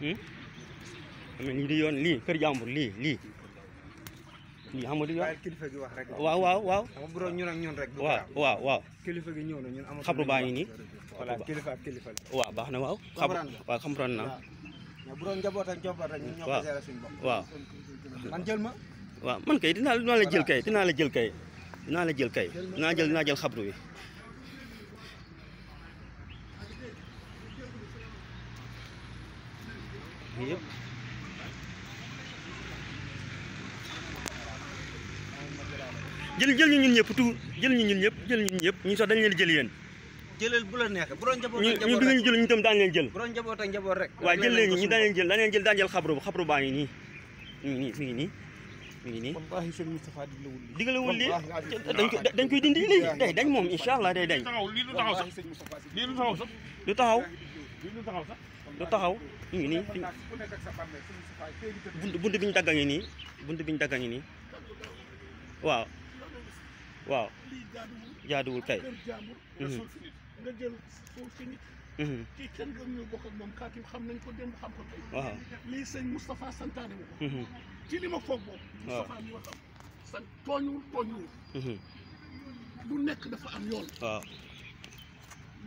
Hmm? am na ñu di yoon lii kër jàmbur lii lii lii xam yoon kilifa gi wax rek waaw waaw waaw bu doon ñun ak ñun rek waaw gi ñëw na ñun amul xabru baa ngi nii voilà kilifa baax na waaw xabru waaw comprendre naa bu doon njaboot ak njaboot rek ñun ñoo ko jël ma waaw man kay dinaa la jël kay dinaa la jël kay dinaa la jël kay dinaa jël xabru bi bi yëpp jël jël ñu ñun ñëpp tout jël ñu ñun ñëpp jël ñun ñu sax dañ leen jël yen jëlal bu la neex bu doon njaboot ak njaboot ñu jël ñu tam daan leen jël bu doon njaboot ak njaboot rek waaw jël leen ñu daan leen jël daan jël daan jël xabru xabru baa ngi nii nii nii nii nii nii wallahi sëñ Moustapha digalewul lii digalewul lii dañ dañ koy dindi lii day dañ moom incha allah day dañ lii du taxaw sax lii du taxaw sax du taxaw du taxaw ñu ngi nii bunt bunt bi ñu dagga ngi bi ñu dagga ngi nii waaw waaw jaaduwul nañ ko démb xam ko tey. waaw mhm. lii sëñ ko. Mhm. ma foog moom. waaw tooñuwul tooñuwul. Mhm. lu nekk dafa am yoon. waaw.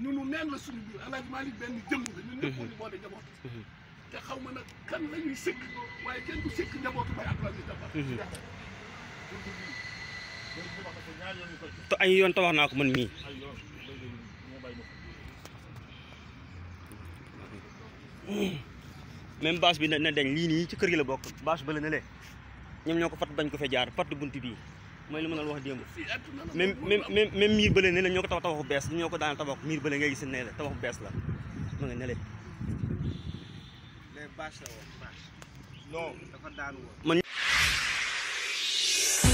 ñunu neen la suñu biir alaaj Maalik benn jëmm la ñun te xaw ma nag kan la ñuy sëkk waaye kenn du sëkk njabootu bay Abdoulaye Dabakh te ay yoon te wax naa ko man mii même bâche bi na dañ lii nii ci kër gi la bokk bâche bële na le ñoom ñoo ko fat bañ ko fe jaar fat bunt bii mooy li ma doon wax démb même même même miir bële ne la ñoo ko tabax tabaxu bees ñoo ko daan tabax miir bële ngay gis ne la tabaxu bees la ma nga ne la non dafa daan